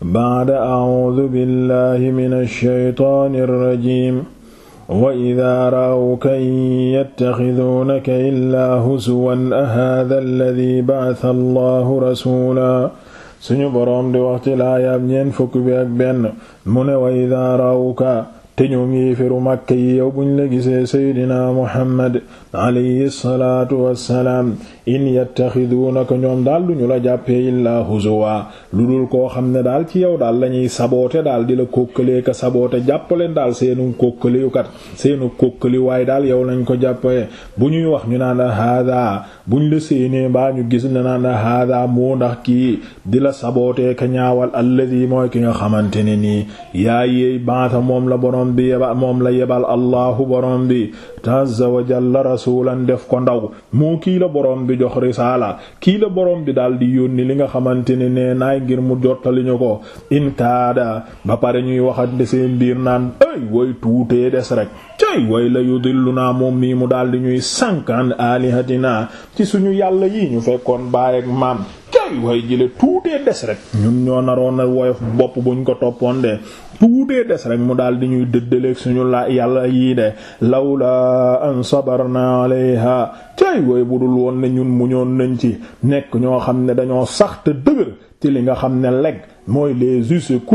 ba'da a'uudu billahi mina shaytaani rajiim wa idaa ra'awka in yattaxiduunaka illaa huzwan a haadha alladii ba'atha allahu rasuulaa suñu boroom di wax ci laayaab ñeent fukk bi ak benn mu ne wa idaa ra'awka te ñoom yéeféru Makka yi yow ñu la gisee seydina Muhammad alayhi salaatu wassalaam in ko ñoom daal du ñu la jàppee illaa huzuwa lu dul koo xam ne daal ci yow daal lañuy saboote daal di la kókkale ka saboote jàppaleen daal seenu kókkaliukat seenu kókkali waaye daal yow lañ ko jàppee bu ñuy wax ñu naan hada buñ la séenee mbaa ñu gis ne naan hada moo ndax kii di la sabootee kañaawal ñaawal alladi mooy ki nga xamante ne nii yaa baata moom la borom bi moom la yebal allahu borom bi azza wa jalla rasulan def ko ndaw moo kii la borom bi jox risaala kii la borom bi daal di yónni li nga xamante ne nee ngir mu jottaliñu ko inkaada ba pare ñuy waxat de seen biir naan ay way tuutee des rek cay way la yudilluna moom mii mu daal di ñuy sànkaan alihatina ci suñu yàlla yi ñu fekkoon baay ak maam kay way jële tuutee des rek ñun ñoo naroon na woyof bopp buñ ko toppoon de tuutee des rek mu daal di ñuy dëddaleeg suñu la yàlla yii de lawla an sabarna alayha cay way budul woon ne ñun muñoon nañ ci nekk ñoo xam ne dañoo sax te dëgër ci li nga xam ne lekk mooy les us et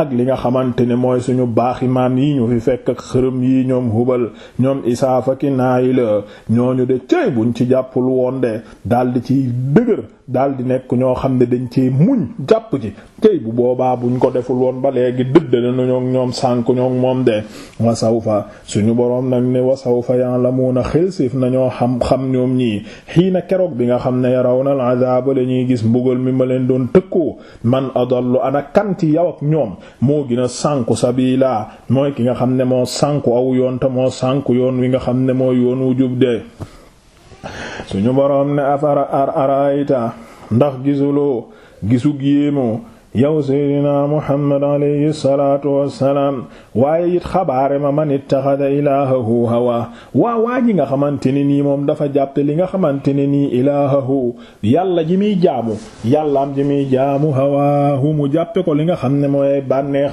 ak li nga xamante ne mooy suñu baaxi maam yi ñu fi fekk ak xërëm yi ñoom hubal ñoom isaafa ki naayi la ñooñu de cëy buñ ci jàppul woon de daldi ci dëgër daldi nekk ñoo xam ne dañ ci muñ jàpp ci cëy bu boobaa buñ ko deful woon ba léegi dëddale na ñoom sànk ñoog moom de wasaw fa suñu boroom nag ne wasaw fa ya'lamuna xilsif nañoo xam xam ñoom ñii xiina keroog bi nga xam ne yarawna al la ñuy gis tëkkoo man adallu ana kan ci yow ak ñoom moo gën sànku sabila mooy ki nga xam ne moo sànku aw yoon moo sànku yoon wi nga xam ne moo yoon wu jub de suñu boroom ne afara ar ndax gisuloo gisug yéemoo yow seydina muhammad alayhi salaatu wassalaam waaye it xabaare ma man ittaxada ilaahahu hawa waa waa ji nga xamante ne nii moom dafa jàppe li nga xamante ne nii ilaahahu yàlla ji muy jaamu yàllaam ji muy jaamu hawaahu mu jàppe ko li nga xam ne mooy bànnee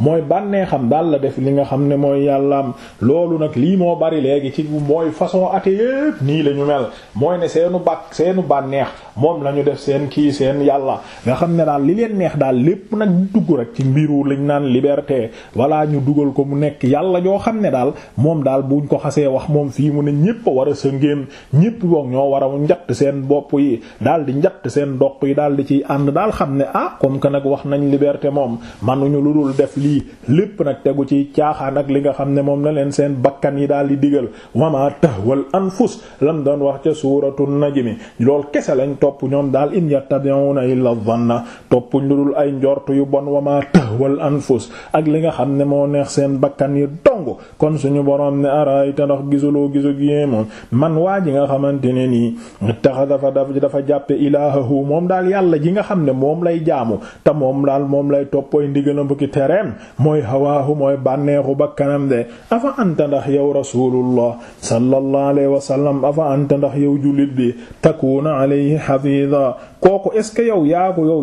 mooy bànneexam xam daal la def li nga xam ne mooy yàllaam loolu nag lii moo bari léegi ci mooy façon ate yépp nii la ñu mel mooy ne seenu bàkk seenu bànneex moom lañu def seen kii seen yàlla nga xam ne daal li leen neex daal lépp nag dugg rek ci mbiru lañ naan liberté walla ñu dugal ko mu nekk yàlla ñoo xam ne daal moom daal bu buñ ko xasee wax moom fii mu ne ñépp a war a sëngéem ñépp boog ñoo war a njatt seen bopp yi daal di njatt seen doq yi daal di ciy ànd daal xam ne ah comme que nag wax nañ liberté moom manuñu lu dul def lii lépp nag tegu ci caaxaan ak li nga xam ne moom la leen seen bakkan yi daal di digal wama tahwal anfus lam doon wax ca suuratu najmi lool kese lañ topp ñoom ludul ay njort yu bon wama tahwal anfus ak li nga xam ne moo neex seen bakkan yi dong kon su ñu suñu boroom ne arayta ndax gisuloo gisu gi moom man waa ji nga xamante ne nii taxa dafa dafa jàppe ilaahahu moom daal yàlla ji nga xam ne moom lay jaamu te moom daal moom lay toppooy ndigalam ki tereem mooy hawaahu mooy bànneexu bakkanam de afa anta ndax yow rasulullah sallallahu alayhi wa sallam afa anta ndax yow jullit bi takuna alayhi hafiza kooku est ce yow yaa ko yow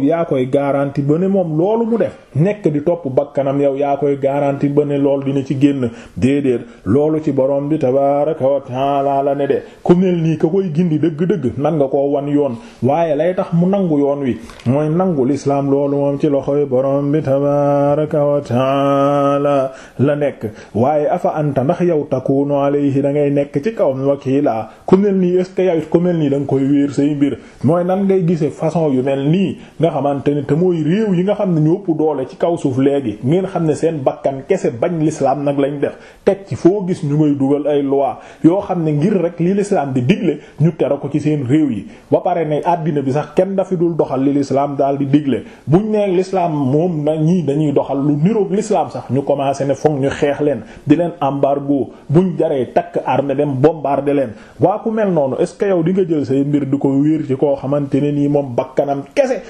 garanti ba ne moom loolu mu def nekk di topp bakkanam yow yaa koy garanti ba ne loolu dina ci génn déedéet loolu ci borom bi tabaaraka wa taala la ne de ku mel ka koy dëgg-dëgg nan nga wan yoon waaye lay tax mu nangu yoon wi mooy nangu lislaam loolu moom ci loxoy borom bi tabaaraka wa taala la nekk waaye afa anta ndax yow takunu alayhi da ngay nekk ci kawam wakiila ku mel nii est-ce que yow ku mel nii da nga koy wéer say mbir mooy nan ngay gisee façon yu mel nii nga xamante te mooy réew yi nga xam ne ñu ëpp doole ci kaw suuf léegi ngeen xam ne seen bakkan kese bañ l'islam nag lañ def teg ci foo gis ñu ngay dugal ay loi yoo xam ne ngir rek li l'islam di digle ñu tere ko ci seen réew yi ba pare ne àddina bi sax kenn dafi dul doxal li l'islam daal di digle buñ nee lislaam moom na ñii dañuy doxal lu niroog l'islam sax ñu commencé ne foog ñu xeex leen di leen embargo buñ jaree takk armée dem bombarder leen waa ku mel noonu est-ce que yow di nga jël say mbir di ko wéer koo xamante ne nii moom bakkanam kese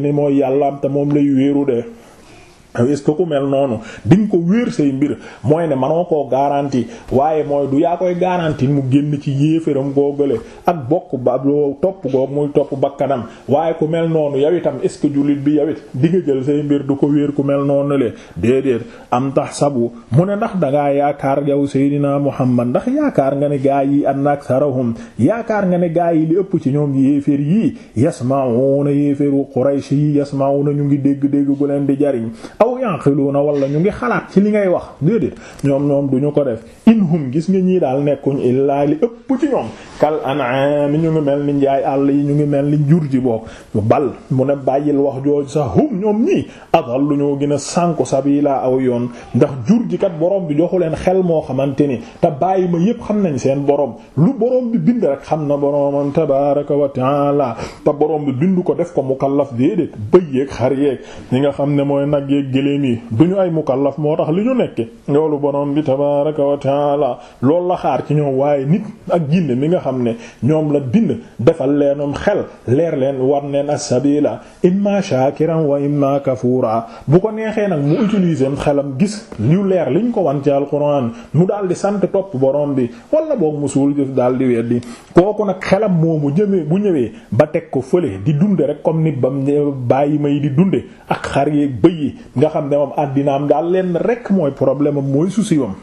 ni mooy yàlla am te moom lay wéeru de Ah, est ko que ku mel noonu di ko wéer say mbir mooy ne manoo koo garanti waaye mooy du yaa koy garanti mu génn ci yéeféram goo gële ak bokk ba topp goog muy topp bakkanam waaye ku mel noonu yow itam est-ce que jullit bi yow it jël say mbir du ko wéer ku mel noonu le déedéet am tax sabu mu ne ndax dangaa yaakaar yow Seydina Muhammad ndax yaakaar nga ne gaa yi an aksarahum yaakaar nga ne gaa yi li ëpp ci ñoom yéeféer yii yasma'una yéeféeru Quraysh yi yasma'una ñu ngi dégg-dégg leen di jariñ aw yanqiluuna wala ñu ngi xalaat ci li ngay wax déedéet ñoom ñoom duñu ko def inhum gis nga ñii daal nekkuñ illaa li ëpp ci ñoom kal an'am ñu ngi mel ni njaay àll yi ñu ngi mel ni jur ji boog bal mu ne bàyyil wax jooj sa hum ñoom ñii adal lu ñoo gën a sànku laa aw yoon ndax jur ji kat boroom bi joxu leen xel moo xamante ni te bàyyi ma yépp xam nañ seen boroom lu borom bi bind rek xam na boromam tabaraka wa taala te boroom bi bind ko def ko mukallaf déedéet bëy yeeg xar yeeg ñi nag yeeg géléem yi duñu ay mukallaf moo tax li ñu nekke loolu borom bi tabaaraka wa taala loolu la xaar ci ñoom waaye nit ak jinne mi nga xam ne ñoom la bind defal leenum xel leer leen war neen as-sabila imma shakiran wa imma kafura bu ko neexee nag mu utiliser xelam gis ñu leer liñ ko wan al alquran mu daal di sant topp boroom bi walla boog mu suul jëf daal di weddi kooku nag xelam moomu jëmee bu ñëwee ba teg ko fële di dunde rek comme nit ba bàyyi may di dunde ak xar yi bëy yi nga xam ne moom àddinaam daal leen rek mooy problème am mooy souci am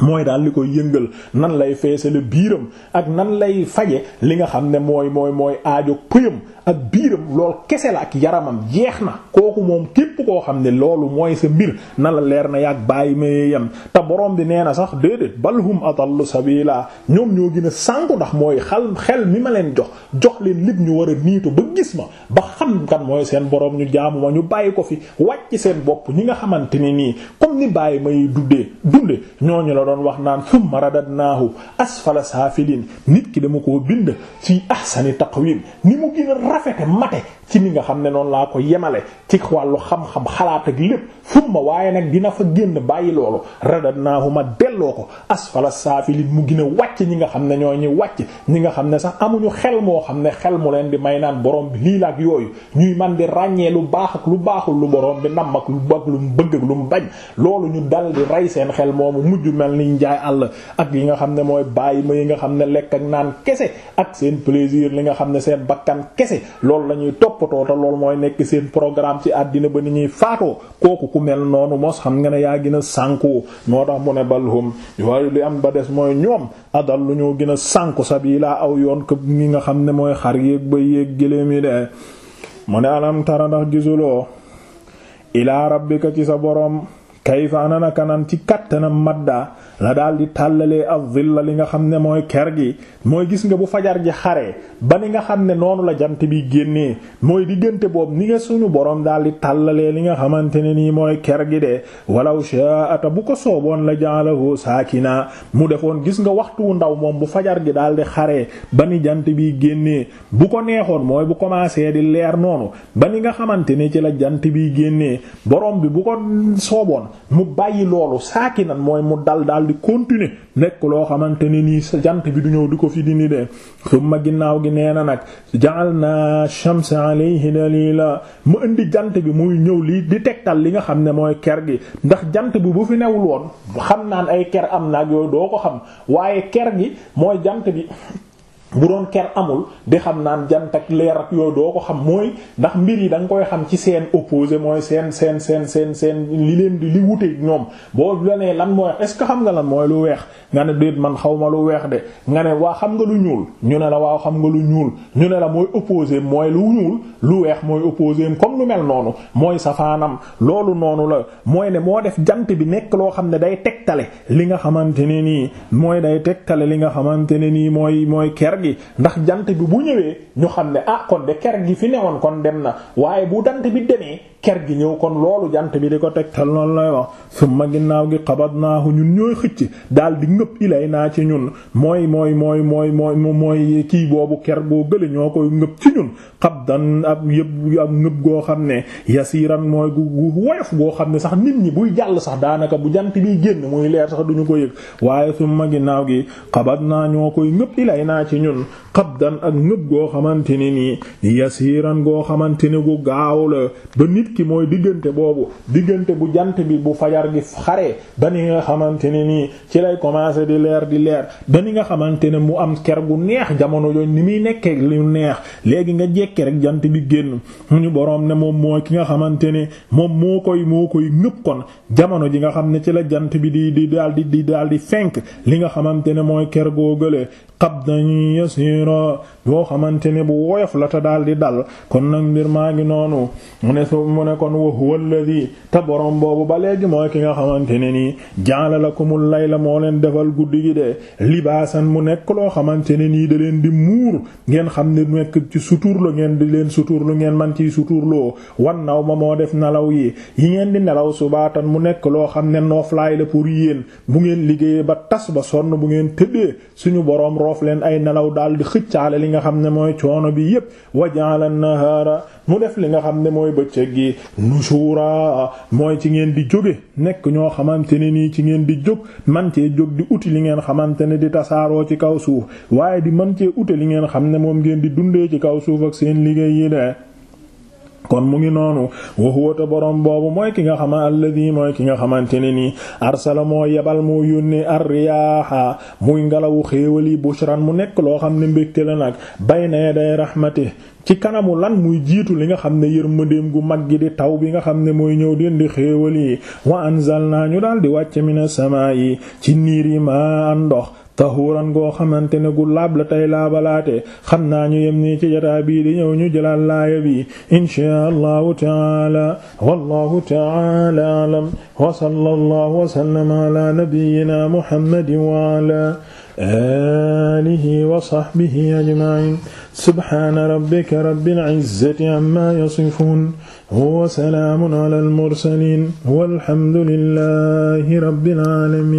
mooy daal li koy yëngal nan lay feesale biiram ak nan lay faje li nga xam ne mooy mooy mooy aajo pëyam ak biiram lool kese la ak yaramam jeex na kooku moom képp koo xam ne loolu mooy sa mbir na la leer na yàgg bàyyi mayee yam te borom bi nee na sax déedéet balhum adallu sabila ñoom ñoo gën a sànku ndax mooy xal xel mi ma leen jox jox leen lépp ñu war a niitu ba gis ma ba xam kan mooy seen borom ñu jaamu ma ñu bàyyi ko fi wàcc seen bopp ñi nga xamante ni nii comme ni bàyyi may duddee dunde la doon wax naan summa radadnaahu asfala saafiliin nit ki dama koo bind ci ahsani taqwiim ni mu gën rafete mate ci ni nga xam ne noon laa ko yemale ci wàllu xam-xam xalaat ak lépp summa waaye nag dina fa génn bàyyi loolu radadnaahu ma delloo ko asfala saafiliin mu gën a ñi nga xam ne ñoo ñi wàcc ñi nga xam ne sax amuñu xel moo xam ne xel mu leen di may naan borom bi lii la ak yooyu ñuy man di ràññee lu baax ak lu baaxul lu borom bi nam ak lu bëgg mel ni njaay àll ak yi nga xam ne mooy bàyyi ma yi nga xam ne lekk ak naan kese ak seen plaisir li nga xam ne seen bakkan kese loolu la ñuy toppatoo te loolu mooy nekk seen programme ci àddina ba ni ñuy faatoo kooku ku mel noonu mos xam nga ne yaa gën a moo tax mu ne balhum waaye li am ba des mooy ñoom adal lu ñoo gën a sànku sabila aw yoon këpp ngi nga xam ne mooy xar yéeg ba yéeg géléem yi de mu ne alam tara ndax gisuloo ilaa rabbika ci sa la daal di tàllalee az-zilla li nga xam ne mooy ker gi mooy gis nga bu fajar ji xaree ba ni nga xam ne noonu la jant bi génnee mooy diggante boobu ni nga suñu borom daal di tàllalee li nga xamante ne nii mooy ker gi de walaw shaa'ata bu ko sooboon la ja'alahu saakina mu defoon gis nga waxtu wu ndaw moom bu fajar gi daal di xaree ba ni jant bi génnee bu ko neexoon mooy bu commencé di leer noonu ba ni nga xamante ne ci la jant bi génnee boroom bi bu ko sooboon mu bàyyi loolu saakinan mooy mu dal daal di continuer nekk loo xamante ne nii sa jant bi du ñëw di ko fi dindi de summa ginnaaw gi nee na nag ja'alna shamsa alayhi la mu indi jant bi muy ñëw lii di tegtal li nga xam ne mooy ker gi ndax jant bi bu fi newul woon xam naan ay ker am na ak yooyu doo ko xam waaye ker gi mooy jant bi bu doon ker amul di xam naan jant ak leer ak yooyu doo ko xam mooy ndax mbir yi da nga koy xam ci seen opposé mooy seen seen seen seen seen li leen di li wuteeg ñoom boo la nee lan mooy est ce que xam nga lan mooy lu weex nga ne man xaw lu weex de nga waa xam nga lu ñuul ñu ne la waaw xam nga lu ñuul ñu ne la mooy opposé mooy lu ñuul lu weex mooy opposé comme lu mel noonu mooy safaanam loolu noonu la mooy ne moo def jant bi nekk loo xam ne day tegtale li nga xamante ne nii mooy day tegtale li nga xamante ne nii mooy mooy ker ndax jant bi bu ñëwee ñu xam ne ah kon de ker gi fi newoon kon dem na waaye bu dant bi demee ker gi ñëw kon loolu jant bi di ko tegtal loolu lay wax summa ginnaaw gi qabadnaahu ñun ñooy xëcc daal di ngëpp ilay naa ci ñun mooy mooy mooy mooy mooy mooy kii boobu ker boo gële ñoo koy ngëpp ci ñun qabdan ab yëpp ab ngëpp goo xam ne yasiran mooy gu gu woyof goo xam ne sax nit ñi jàll sax daanaka bu jant bi génn muy leer sax duñu ko yëg waaye summa ginnaaw gi qabadnaa ñoo koy ngëpp ilay naa ci ñun qabdan ak ngëpp goo xamante ne nii yasiran goo xamante ne gu gaaw la ba nit nit ki mooy diggante boobu diggante bu jant bi bu fajar gi xaree ba ni nga xamante ne nii ci lay commencer di leer di leer ba nga xamante ne mu am ker gu neex jamono jooju ni muy nekkee lu neex léegi nga jekki rek jant bi génn mu ñu boroom ne moom mooy ki nga xamante ne moom moo koy moo koy ñëpp jamono ji nga xam ne ci la jant bi di di daal di di daal di fenk li nga xamante ne mooy ker goo gële qabdan yasira boo xamante ne bu woyof la ta daal di dal kon nag mbir maa ngi noonu mu ne mu ne kon wa huwa alladhi te borom boobu ba léegi mooy ki nga xamante ne nii ja'ala lakumul layla moo leen defal guddi gi de libaasan mu nekk loo xamante ne nii da leen di muur ngeen xam ne nekk ci sutur la ngeen di leen sutur lu ngeen man ciy suturloo wan naw ma moo def nelaw yi yi ngeen di nelaw subaatan mu nekk loo xam ne nooflaay la pour yéen bu ngeen liggéeyee ba tas ba sonn bu ngeen tëddee suñu boroom roof leen ay nelaw daal di xëccaale li nga xam ne mooy coono bi ardi nushura mooy ci ngeen di jóge nekk ñoo xamante ne nii ci ngeen di jóg man cee jóg di uti li ngeen xamante ne di tasaaroo ci kaw suuf waaye di man cee uti li ngeen xam ne moom ngeen di dundee ci kaw suuf ak seen liggéey yi de kon mu ngi noonu wa borom boobu mooy ki nga xama alladi mooy ki nga xamante ne nii arsala yebal moo yónnee arriyaaha muy ngelawu xéewal yi bushran mu nekk loo xam ne mbégte la nag bayna yaday rahmati ci kanamu lan muy jiitu li nga xam ne yërmandeem gu mag gi di taw bi nga xam ne mooy ñëw den di xéewal yi wa anzalna ñu daal di wàcce mina samaa yi ci niir yi ma an ndox tahuuran goo xamante ne gu laab la tey laabalaate xam naa ñu yem nii ci jataa bii di ñëw ñu jëlaat laaya bi inshaa allahu taala wallahu taala alam wa sallallahu wa sallama ala nabiyyina muhammadin wa ala alihi wa sahbihi ajma'in subhana rabbika rabbil izzati amma yasifun wa salaamun ala al mursalin walhamdulillahi rabbil alamin